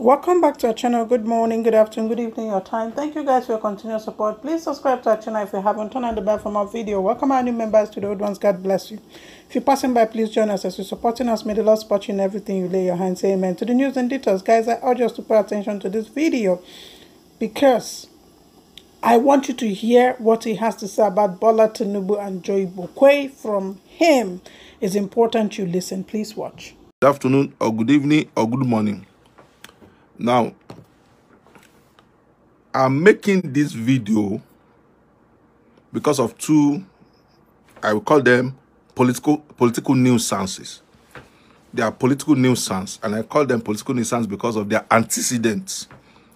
welcome back to our channel good morning good afternoon good evening your time thank you guys for your continued support please subscribe to our channel if you haven't turn on the bell for more video welcome our new members to the old ones god bless you if you're passing by please join us as you're supporting us may the lord support you in everything you lay your hands amen to the news and details guys i urge you to pay attention to this video because i want you to hear what he has to say about bola tenubu and joy bukwe from him it's important you listen please watch good afternoon or good evening or good morning now i'm making this video because of two i will call them political political nuisances they are political nuisance and i call them political nuisance because of their antecedents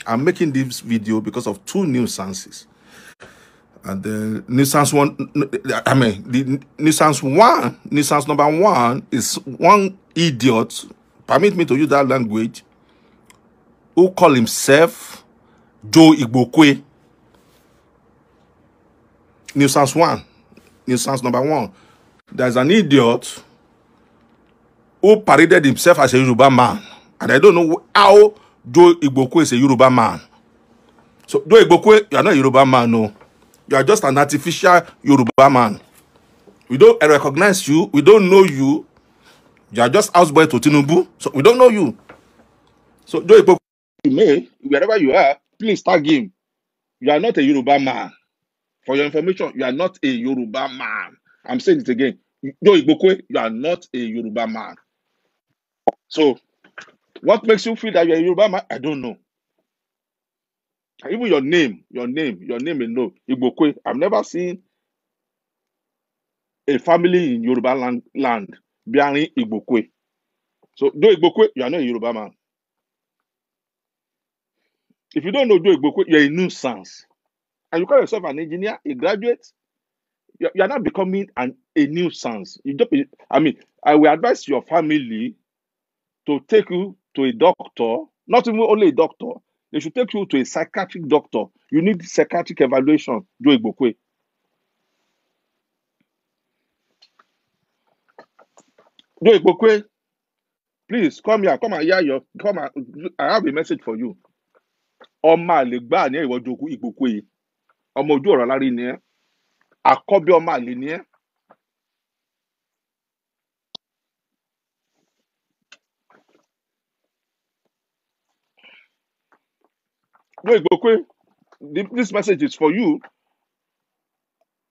i'm making this video because of two nuisances and the nuisance one i mean the nuisance one nuisance number one is one idiot permit me to use that language who call himself Joe Igbokwe. Nuisance one, nuisance number one. There's an idiot who paraded himself as a Yoruba man. And I don't know how Joe Igbokwe is a Yoruba man. So Joe Igbokwe, you are not a Yoruba man, no. You are just an artificial Yoruba man. We don't recognize you. We don't know you. You are just houseboy to Tinubu. So we don't know you. So Joe Igbokwe you may, wherever you are, please tag him. You are not a Yoruba man. For your information, you are not a Yoruba man. I'm saying it again. Joe Igbokwe, you are not a Yoruba man. So, what makes you feel that you're a Yoruba man? I don't know. Even your name, your name, your name alone, Igbokwe. I've never seen a family in Yoruba land, land bearing Igbokwe. So, though Igbokwe, you are not a Yoruba man. If you don't know Joe Igbokwe, you're a nuisance. And you call yourself an engineer, a graduate, you're, you're not becoming an, a nuisance. You just, I mean, I will advise your family to take you to a doctor, not even only a doctor, they should take you to a psychiatric doctor. You need psychiatric evaluation, Joe Igbokwe. Joe Igbokwe, please come here, come and hear your, come and, I have a message for you. ọmọ àlè gbáà ní ìwọ́jú ìgbòkú yìí ọmọ ojú ọ̀rọ̀ alárí ni ẹ́ akọ́bí ọmọ àlè ni ẹ́. No, Igbokwe, this message is for you.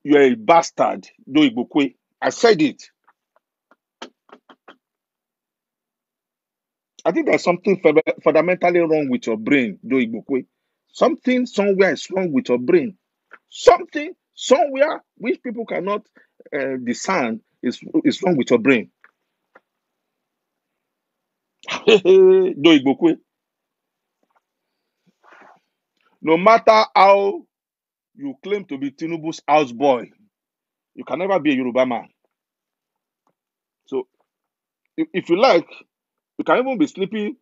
You are a bastard, No, Igbokwe. I said it. I think there's something fundamentally wrong with your brain, though Igbokwe. Something somewhere is wrong with your brain. Something somewhere which people cannot uh, discern is is wrong with your brain. though Igbokwe. No matter how you claim to be Tinubu's house boy, you can never be a Yoruba man. So, if, if you like, You can even be sleeping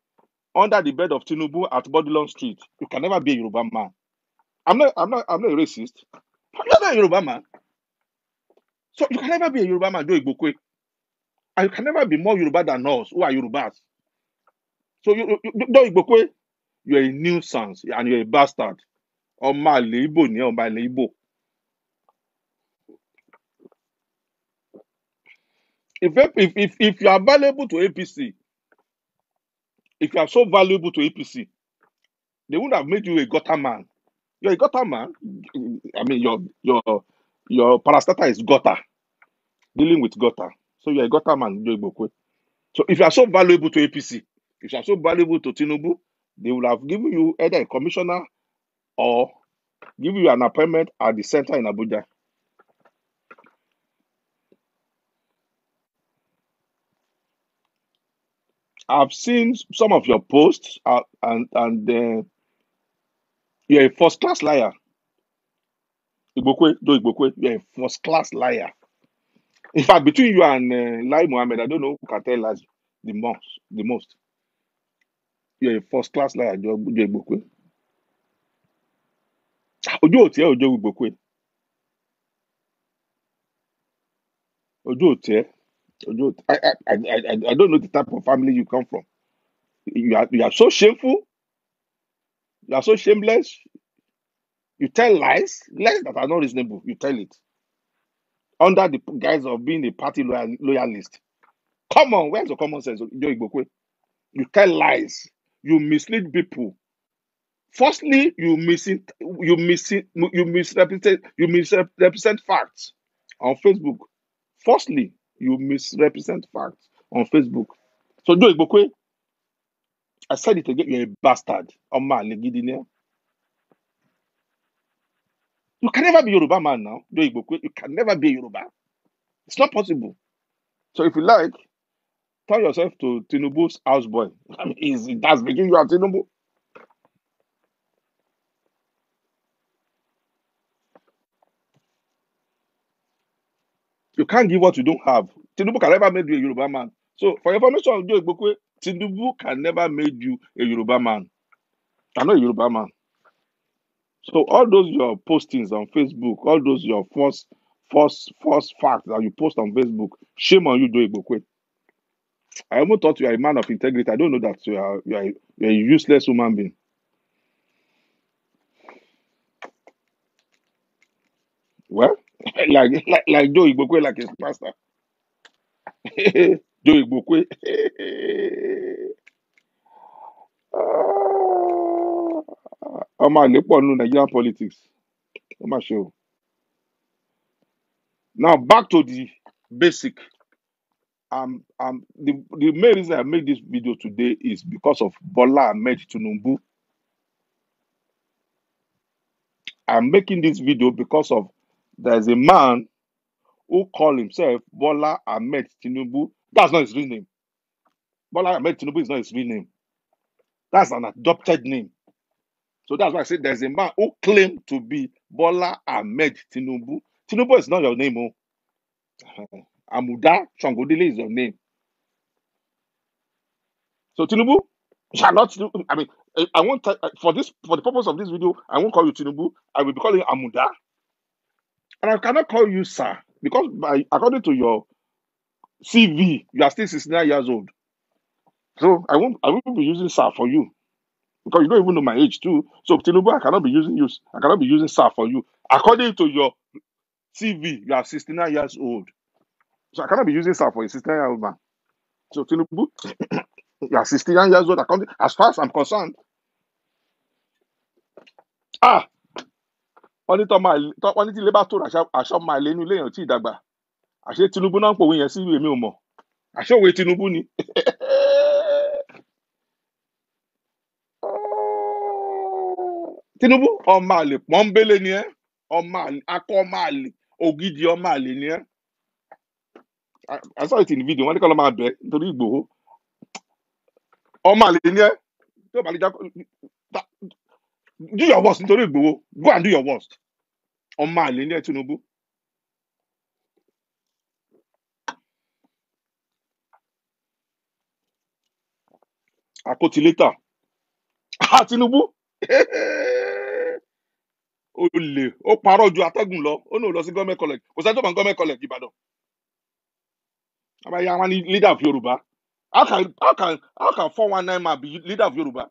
under the bed of Tinubu at Bodilon Street. You can never be a Yoruba man. I'm not, I'm not, I'm not a racist. you're not a Yoruba man. So you can never be a Yoruba man, Joe Igbokwe. And you can never be more Yoruba than us who are Yorubas. So you, you, Joe Igbokwe, you're a nuisance and you're a bastard. Ọmọ àlè Igbo ni ọmọ àlè Igbo. If, if, if, if you are valuable to APC, if you are so valuable to APC, they would have made you a gutter man. You're a gutter man. I mean, your your your parastata is gutter, dealing with gutter. So you're a gutter man, So if you are so valuable to APC, if you are so valuable to Tinubu, they would have given you either a commissioner or give you an appointment at the center in Abuja. I've seen some of your posts, uh, and and uh, you're a first class liar. Igbokwe, do Igbokwe, you're a first class liar. In fact, between you and uh, Lai Mohammed, I don't know who can tell us the most. The most. You're a first class liar, do Igbokwe. Ojú ò tiẹ̀, ojú Igbokwe. Ojú ò I, I, I, I don't know the type of family you come from. You are, you are so shameful. You are so shameless. You tell lies, lies that are not reasonable. You tell it under the guise of being a party loyalist. Come on, where's the common sense? You tell lies. You mislead people. Firstly, you mis you mis you misrepresent you misrepresent facts on Facebook. Firstly. you misrepresent facts on Facebook. So Joe Igbokwe, I said it again, you're a bastard. Ọmọ àlè You can never be Yoruba man now, Joe Igbokwe. You can never be Yoruba. It's not possible. So if you like, turn yourself to Tinubu's houseboy. I mean, that's between you and Tinubu. You can't give what you don't have. Tinubu can never make you a Yoruba man. So for information, Joe Igbokwe, Tinubu can never make you a Yoruba man. I'm not a Yoruba man. So all those your postings on Facebook, all those your false, false, false facts that you post on Facebook, shame on you, Joe Igbokwe. I even thought you are a man of integrity. I don't know that you are you are, you are a useless human being. Well, like like like Joe Igbokwe like his pastor. Joe Igbokwe. ọmọ àlè pọ̀ nù Nigerian politics ó mà show. Now back to the basic um um the the main reason I made this video today is because of Bola Ahmed Tinubu. I'm making this video because of there's a man who call himself Bola Ahmed Tinubu. That's not his real name. Bola Ahmed Tinubu is not his real name. That's an adopted name. So that's why I say there's a man who claimed to be Bola Ahmed Tinubu. Tinubu is not your name, oh. Amuda Changodile is your name. So Tinubu shall not. I mean, I won't for this for the purpose of this video. I won't call you Tinubu. I will be calling Amuda And I cannot call you sir because by, according to your CV, you are still 69 years old. So I won't I won't be using sir for you. Because you don't even know my age too. So Tinubu, I cannot be using you. I cannot be using sir for you. According to your CV, you are 69 years old. So I cannot be using sir for a 69 year old man. So Tinubu, you are 69 years old. According, as far as I'm concerned. Ah, wọ́n ní tọ́mọ wọ́n ní tí ilé bá tòrò àṣà ọmọ àlè inú ilé èèyàn tí ìdàgbà àṣẹ Tinubu náà ń pòwe yẹn sí èmi ò mọ̀ òwe Tinubu ni. Tinubu ọmọ àlè pọ́ńbélé ni ẹ́ akọ ọmọ àlè ògidì ọmọ àlè ni ẹ́ I saw it in ní kọ́ ló do your worst nítorí Ìgbòho go and do your worst ọmọ àlè ní Tinubu. àkótílétà ah, Tinubu ó le, parọ́ ju atẹ́gùn lọ ó náà lọ sí gọ́ọ̀mẹ̀ college kò sẹ́ni bá ń gọ́ọ̀mẹ̀ college Ìbàdàn àbáyé àwọn ni leader of Yorùbá how can how can be leader of Yorùbá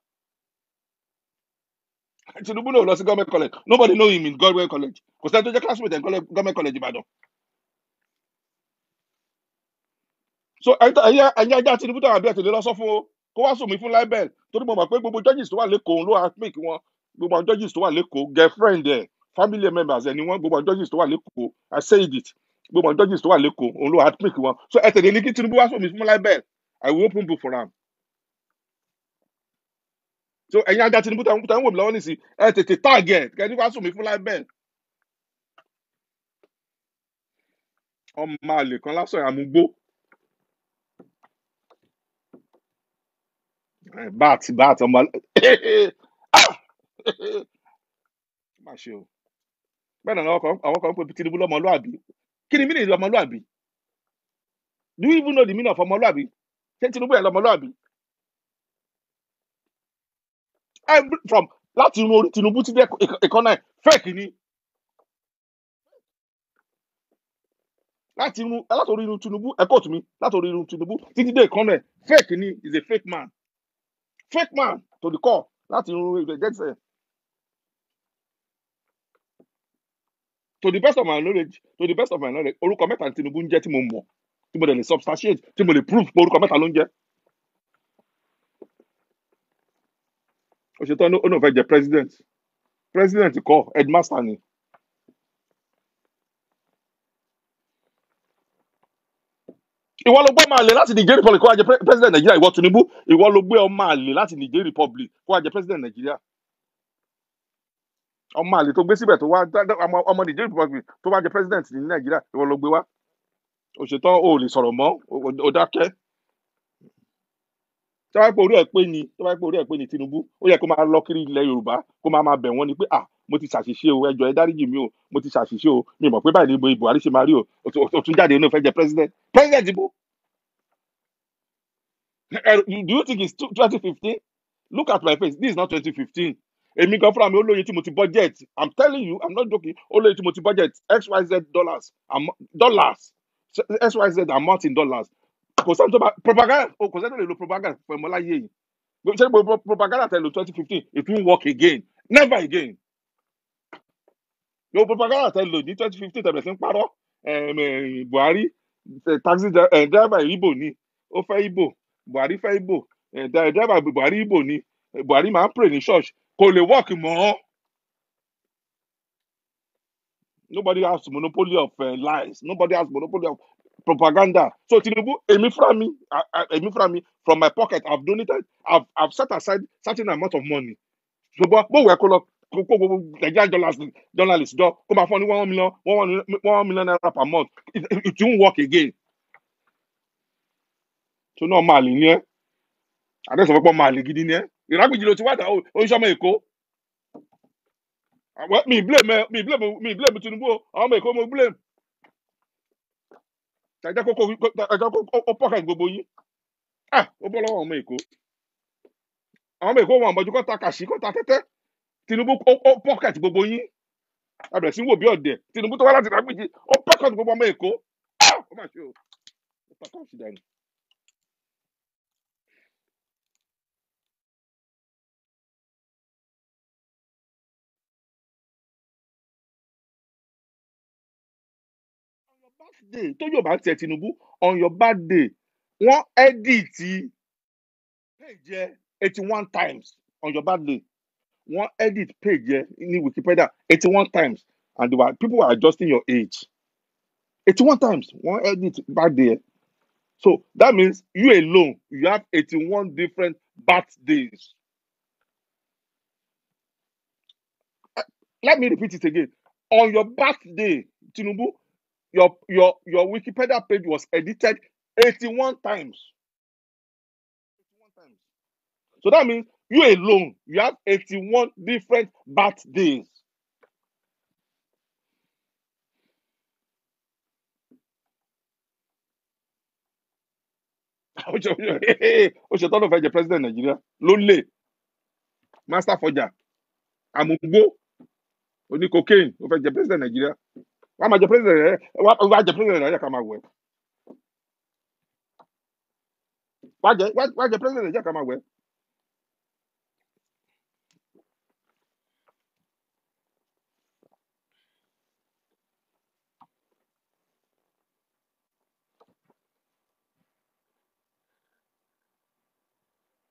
Tinubu náà lọ sí government college nobody know him in government college kò sẹ́ni tó jẹ́ classmate ẹ̀ government college Ìbàdàn. so ẹ̀yẹ ẹ̀yẹ ajá Tinubu tó wà bí ẹ̀ tẹ̀lé lọ sọ fún o kó wá sùn mí fún libel torí mo mọ̀ pé gbogbo judges tó wà lẹ́kọ̀ọ́ ló wà pick wọn gbogbo àwọn judges tó wà lẹ́kọ̀ọ́ girlfriend ẹ̀ family members ẹ̀ ni wọ́n gbogbo àwọn judges tó wà lẹ́kọ̀ọ́ I said it gbogbo àwọn judges tó wà lẹ́kọ̀ọ́ òun ló wà pick wọn so ẹ̀ tẹ̀lé ní kí Tinubu wá sùn mí fún libel I will open book for am so ẹ̀yin ajá Tinubu tẹ̀ ń tẹ̀ ń wò mí lọ́wọ́ nísì ẹ tètè target kẹ́ni wá sùn mí fún láì bẹ́ẹ̀. ọmọ àlè kan lásán àmúgbó bat bat ọmọ má ṣe o bẹ́ẹ̀ náà àwọn kan ń pè Tinubu lọ́mọlúàbí kí ni mínì lọ́mọlúàbí do you even know the meaning of ọmọlúàbí ṣé Tinubu yẹn lọ́mọlúàbí every from láti inú orí Tinubu títí ìkànnà fake ni láti inú látòrí inú Tinubu ẹ kóòtù mi látòrí inú Tinubu títí dé ìkànnà fake ni is a fake man fake man to the core láti inú ìlú ẹ̀jẹ̀ eh. to the best of my knowledge to the best of my knowledge orúkọ mẹ́ta Tinubu ń jẹ́ tí mo mọ̀ tí mo dẹ̀ lè substantiate tí mo lè prove pé orúkọ mẹ́ta ló ń jẹ́. ó ṣe tán ó náà jẹ president president kọ́ headmaster ni. ìwọ ló gbé ọmọ àlè láti Niger Republic kó wá jẹ president Nigeria. ìwọ Tinubu ìwọ ló gbé ọmọ àlè láti Niger Republic kó wá jẹ president Nigeria. ọmọ àlè tó gbé síbẹ̀ tó wá ọmọ Niger Republic tó wá jẹ president ní Nigeria. ìwọ ló gbé wá òṣètò ò sọ̀rọ̀ mọ́ ò tó bá pé orí ẹ̀ pé ni tó bá pé orí ẹ̀ pé ni Tinubu ó yẹ kó máa lọ kiri ilẹ̀ Yorùbá kó máa máa bẹ̀ wọ́n ni pé ah mo ti ṣàṣìṣe o ẹ ẹ dáríjì mi o mo ti ṣàṣìṣe o mi mọ̀ pé báyìí ni Buhari ṣe máa rí o o tún jáde inú fẹ́ jẹ president president ibo do you think it's twenty fifteen look at my face this is not twenty fifteen èmi gan fúnra mi ó lóye tí mo ti budget i'm telling you i'm not joking ó lóye tí mo ti budget xyz dollars dollars xyz amount in dollars kò sẹ́ni tó bá propaganda o kò sẹ́ni tó lè lo propaganda fún ẹmọláyé yìí ṣé gbogbo propaganda tẹ lo twenty fifteen it won't work again never again yóò propaganda tẹ lo ní twenty fifteen tẹ̀lé sí ń parọ́ Buhari taxi driver Igbo ni ó fẹ́ Igbo Buhari fẹ́ Igbo driver Buhari Igbo ni Buhari máa ń pray ní church kò lè work mọ́ nobody has monopoly of uh, lies nobody has monopoly of propaganda. So Tinubu, èmi fúnra mi, èmi fúnra mi from my pocket, I've donated, I've I've set aside certain amount of money. So bó But we lọ kó kó gbogbo Nigerian journalist jọ kó máa fún ọ one million one million naira per month. It, it won't work again. So náà máa lè ní ẹ́. Adéṣọ́fẹ́ pọ̀ máa lè gidi ní ẹ́. Ìrágbìjì ló ti wá dà oníṣọ́mọ Èkó. Mi blame mi blame mi blame Tinubu o, àwọn ọmọ Èkó mo blame ẹjẹ kókó ẹjẹ kókó ó pọkàn gbogbo yín ah ó bọ́ lọ́wọ́ ọmọ èkó àwọn ọmọ èkó wọn àmọjú kọta kàṣí kọta tẹtẹ Tinubu ó pọkàn gbogbo yín abẹ̀rẹ̀ sí wò bí ọ̀dẹ̀ Tinubu tó wá láti Ìdágbèjì ó pọkàn gbogbo ọmọ èkó ah ó mà ṣe o ó pàtàkì dànù. day tó yóò bá tiẹ̀ Tinubu on your bad day wọ́n edit page ẹ eighty one times on your bad day wọ́n edit page ẹ ní Wikipedia eighty one times and were, people were adjusting your age eighty one times wọ́n edit bad day so that means you alone you have eighty one different birthdays. Uh, let me repeat it again. On your birthday, Tinubu, your your your Wikipedia page was edited 81 times. 81 times. So that means you alone, you have 81 different birthdays. ó ṣe tọ́lọ̀ fẹ́ jẹ president Nigeria. ló lè master forger àmúgbó oní cocaine ó fẹ́ president Nigeria wàá máa jẹ president rẹ wàá jẹ president nàìjíríà ká máa wẹ̀ wàá jẹ wàá jẹ president nàìjíríà ká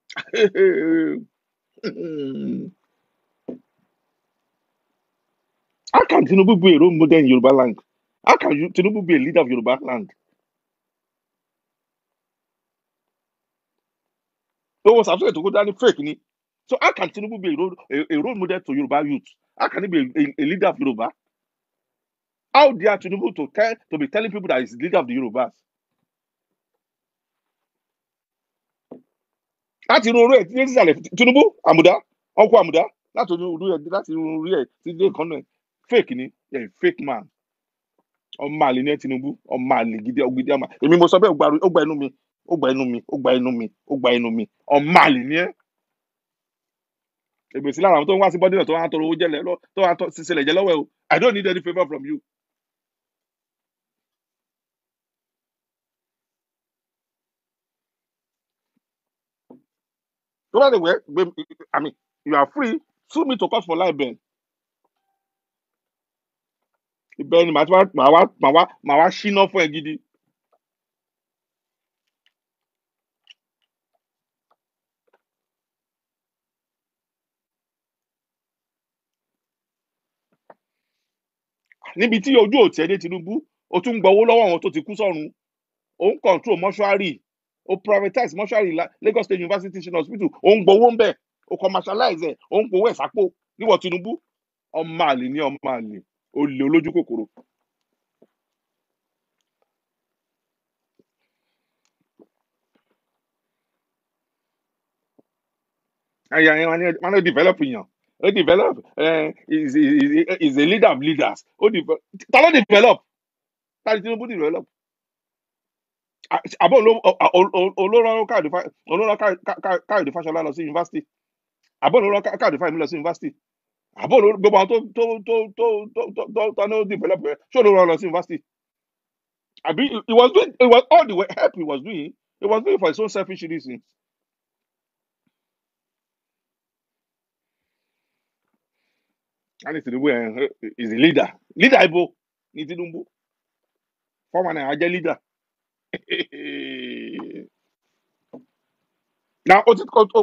How can Tinubu be a role model in Yoruba land? How can Tinubu be a leader of Yoruba land? It was absurd to go down fake ni. So how can Tinubu be a role, a, a role model to Yoruba youth? How can he be a, a, a leader of Yoruba? How dare Tinubu to tell to be telling people that he's leader of the Yorubas? Láti inú orí ẹ̀ tí Tinubu Amuda, ọkọ̀ Amuda, láti inú orí ẹ̀ láti inú orí ẹ̀ tí dé kan náà fake ni ẹ yeah, fake man ọmọ àlè ní ẹ Tinubu ọmọ àlè gidi ọgidi ama. èmi mo sọ bẹ́ẹ̀ ó gba ẹnu mi ó gba ẹnu mi ó gba ẹnu mi ó gba ẹnu mi ọmọ àlè ní ẹ èmi sí lára àwọn tó ń wá sí bọ́dínà tó wá tọrọ owó jẹlẹ lọ tó wá sísẹlẹ jẹ lọ́wọ́ ẹ o I don't need any favour from you. tó bá lè wẹ́ gbé I mean you are free sue me to cause for libel ibẹ̀ ni màá wá màá wá màá wá ṣínà fún ẹ gidi. níbi tí ojú òtí ẹdẹ Tinubu o tún gbowó lọ́wọ́ àwọn tó ti kú sọ́run o ń control mọ́ṣúárì o privatize mọ́ṣúárì Lagos State University ṣe hospital o ń gbowó ń bẹ̀ o commercialize ẹ̀ o ń gbowó ẹ̀ sápò níwọ̀ Tinubu ọmọ àlè ní ọmọ àlè olè olójú kòkòrò. ẹyà yẹn wọn ní develop yàn ó develop is is a leader of leaders ó develop ta ló develop ta ni Tinubu develop àbọ̀ olórán káàdì fáṣọlá lọ sí yunifásitì àbọ̀ olórán káàdì fáṣọlá lọ sí yunifásitì àbò gbogbo àwọn tó tó tó tó tó tó tó tó ní develop rẹ ṣó ló rán lọ sí university àbí he was doing he was all the way help he was doing he was doing for his own selfish reasons. and Tinubu uh, is eh, the leader leader ibo ni Tinubu former Nigeria jẹ leader na of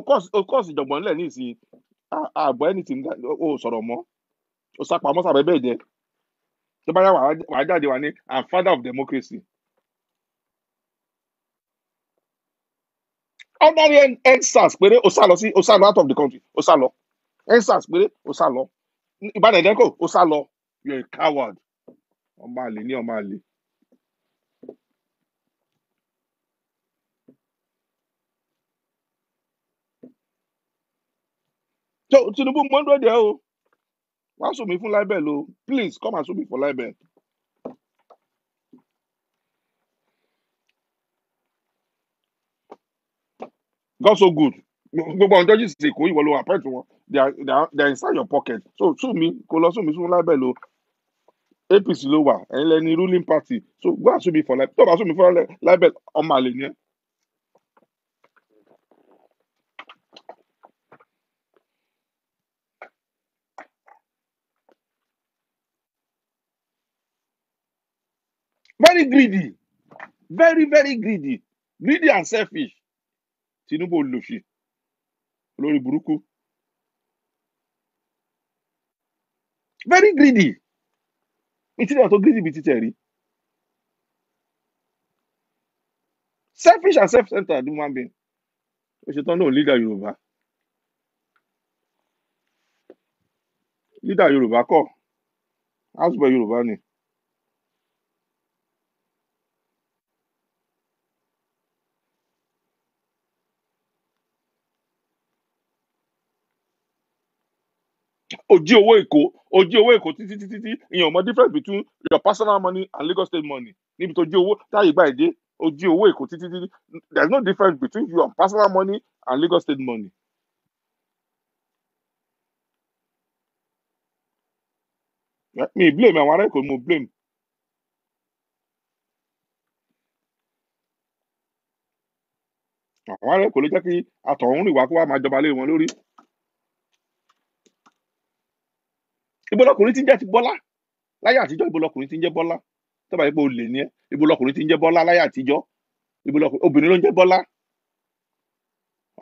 course of course ìjọ̀gbọ̀n nílẹ̀ ní ìsìn àgbọ̀ anything ó sọ̀rọ̀ mọ́ ó sápamọ́ sàbẹ́ bẹ́ẹ̀ jẹ́ tó bá yá wàá jáde wà ní and father of democracy. ordinary endsars péré ó sá lọ sí ó sá lọ out of the country ó sá lọ endsars péré ó sá lọ ìbàdàn ìdẹ́kọ̀ sá lọ you a coward ọmọ àlè ní ọmọ àlè. tó Tinubu mo ń dúró de ẹ o wá so mí fún libel o please come and sue me for libel. God so good gbogbo àwọn judges èkó ìwọ ló appoint wọn they are they are inside your pocket so sue me kò lọ sue me fún libel o APC ló wà ẹ̀yin lẹ́ni ruling party so go and sue me for libel tó o bá sue me for libel ọmọ àlè ni very greedy very very greedy greedy and selfish Tinubu olùsì olórí burúkú very greedy ìtìlẹ̀ tó greedy bíi títẹ̀ rí selfish and self-centered human being ó ṣe tán lóun leader Yorùbá leader Yorùbá kọ́ house boy Yorùbá ni. jí owó èkó o jí owó èkó títí títí tí ìyẹn ò mọ difference between your personal money and Lagos state money níbi tó jí owó táyé gbà èdè o jí owó èkó títí títí there is no difference between your personal money and Lagos state money. mi blame àwọn ará èkó mo blame. àwọn ará èkó ló jẹ́ kí àtọ̀hún rìn wá kó wá máa jọba lé wọn lórí. ibo ti ń jẹ́ ti Bọ́lá láyé àtijọ́ ibo ti ń jẹ́ Bọ́lá tó bá yẹ pé ẹ ibo ti ń jẹ́ Bọ́lá láyé àtijọ́ ibo obìnrin ló ń jẹ́ Bọ́lá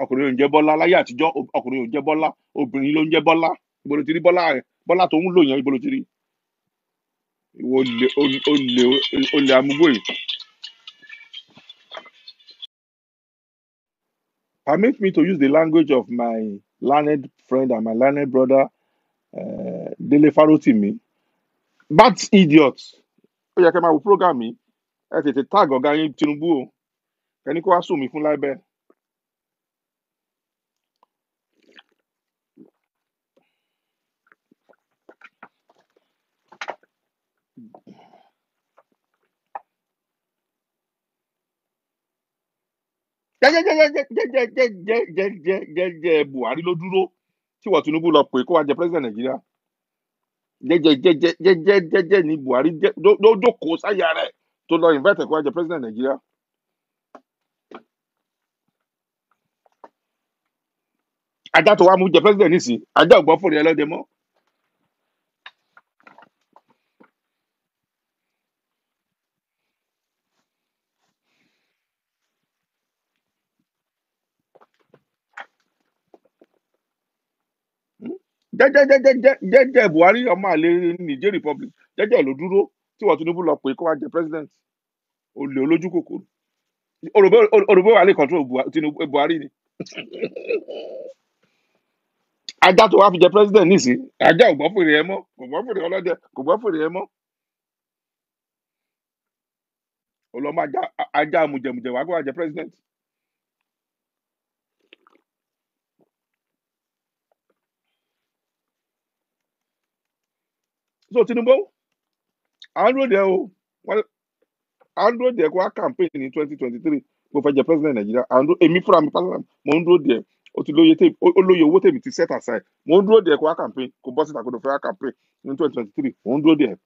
ọkùnrin ló ń jẹ́ Bọ́lá láyé àtijọ́ ọkùnrin ló ń jẹ́ Bọ́lá obìnrin ló ń jẹ́ Bọ́lá ibo ti rí Bọ́lá rẹ Bọ́lá tó ń lò yẹn ibo ti rí ìwọ olè olè olè amúgbó yìí. Permit me to use the language of my learned friend and my learned brother Eh, Délé Fárótìmí bat idiot ó yẹ kẹ́ máa wo program mi ẹ tètè tag ọ̀gá yín Tinubu o ẹni kó wá sùn mí fún láìbẹ́ jẹjẹjẹjẹjẹjẹjẹjẹjẹjẹ Buhari ló dúró tí wọ́n Tinubu lọ pè kó wá jẹ president Nàìjíríà jẹjẹjẹjẹjẹjẹjẹ ni Buhari ló jókòó sáyà rẹ̀ tó lọ invite kó wá jẹ president Nàìjíríà. ajá tó wá mú jẹ president nísìnyí ajá ò gbọ́ fòrè ẹlọ́dẹ mọ́. jẹ́jẹ́ jẹ́jẹ́ jẹ́jẹ́ Buhari ọmọ àlè Niger Republic jẹjẹ ló dúró tí wọ́n Tinubu lọ pé kó wá jẹ president olè olójú kòkòrò òròbó wà lè control Tinubu eh, Buhari ni ajá tó wá fi jẹ president ajá ò gbọ́ fèrè ẹ mọ́ kò gbọ́ fèrè kò gbọ́ fèrè ẹ mọ́ olọ́mọ ajá amújẹmújẹ kó wá jẹ president. so Tinubu à ń ròdì ẹ o à ẹ kó wá campaign ní twenty twenty three mo fẹ́ jẹ president Nàìjíríà à ń ròdì èmi fúnra mi pásítọ̀ mo ń ròdì ẹ o ti lóye tèmi o lóye owó tèmi ti set aside mo ń dúró de kó wá campaign kó bọ́ síta kó lọ fẹ́ wá campaign ní twenty twenty three mo ń dúró de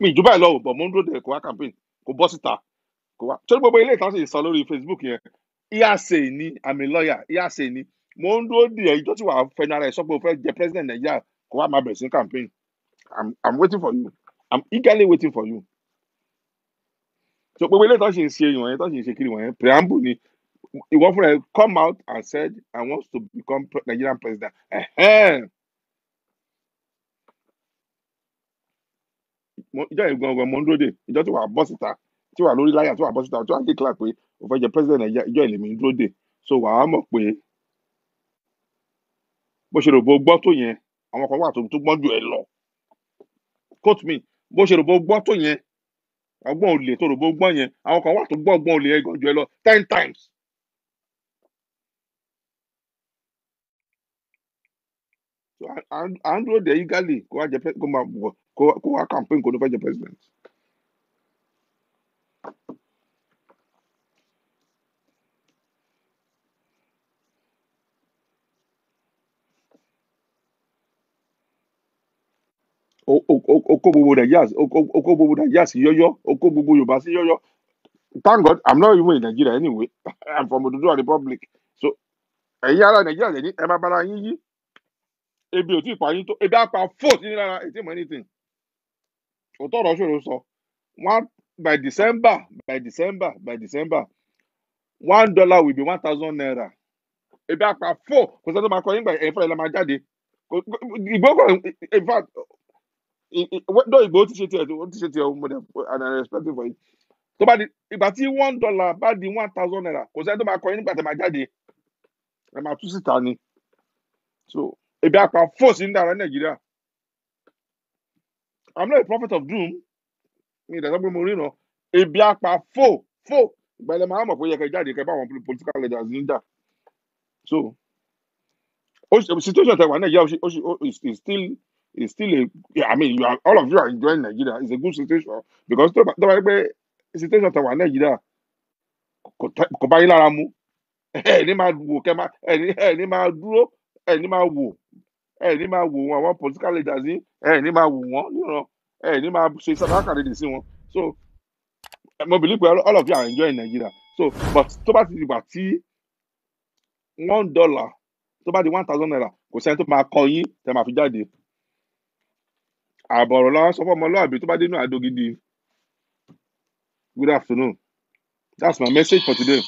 mi ìjọba ẹ lọ wò bọ̀ mo ń dúró de kó wá campaign kó bọ́ síta kó wá tó ní gbogbo ilé ìtàn sì sọ lórí Facebook yẹn iyase ni àmì lọ́ọ̀yà iyase ni mo ń dúró de ẹ ìjọ tí wàá fẹnu ara ẹ sọ pé o fẹ́ jẹ president Nàìjíríà kó wá máa bẹ̀rẹ̀ sí campaign I'm I'm waiting for you. I'm eagerly waiting for you. So but we let us see you. Let us see ń preamble ni ìwọ fúnra ẹ come out and said I want to become Nigerian president. Ìjọ yẹn gangan mo ń dúró dè ìjọ tí wàá bọ́ síta tí wàá lórí láyà tí wàá bọ́ síta tí wàá dékìlà pé o fẹ́ jẹ president Nàìjíríà ìjọ yẹn lèmi so wàá mọ̀ pé bó ṣe rò bó gbọ́ tó yẹn àwọn kan wà tó gbọ́n jù ẹ lọ. coat me bó ṣe rògbò gbọ́ tó yẹn ọgbọ́n olè tó rògbò gbọ́ yẹn àwọn kan wà tó gbọ́ ọgbọ́n olè ẹgàn lọ ten times. à ń dúró de igali kó wá jẹ kó máa wá campaign kó ló president. oko gbogbo Nàìjíríà oko gbogbo Nàìjíríà sí yọ́yọ́ oko gbogbo Yorùbá sí yọ́yọ́ thank God I'm not even in Nigeria anyway I'm from Oduduwa Republic so ẹ̀yin ará Nàìjíríà lẹ́ni ẹ máa bára yín yí ebi ò tí ì pa yín tó ebi á pa yín lára ètí ìmọ̀ anything òótọ́ ọ̀rọ̀ ṣòro sọ one by December by December by December one dollar will be one thousand naira ebi á fóò kò sẹ́ni tó máa kọ́ yín gbà ẹ̀yin fúnra ẹ̀ la máa jáde ìgbókò in fact What do you no to say to your tiẹ̀ ó ti ṣe tiẹ̀ and I respect you for it So, bá di ìgbà tí one dollar bá the one thousand naira because I don't máa kọ but nígbà tẹ́ máa jáde ẹ máa tú so ebi apá fòsì ń dára ní I'm not a prophet of doom mi ìdájọ́ pé mo more, you know. fò fò ìgbà four, máa mọ̀ pé ó yẹ kẹ́ jáde kẹ́ bá political leaders ń jà so situation tẹ́ wà ní is still it's still a yeah, I mean you are all of you are enjoying Nigeria it's a good situation because tó bá yẹ pé situation tó wà Nigeria kò bá yín lára mu ẹni máa ma kẹ máa ẹni ẹni máa dúró ẹni máa wò ẹni máa wò wọn àwọn political leaders yín you know eh? Ni ma ẹni máa ṣe sàdákàdédè sí wọn so mo believe all of you are enjoying Nigeria so but tó bá ti dìgbà tí one dollar tó bá di one thousand naira kò sẹ́ni tó máa kọ yín tẹ́ máa fi jáde àbọ̀rọ̀ la sọ fún ọmọlúàbí tó bá dénú àdó gidi good afternoon that's my message for today.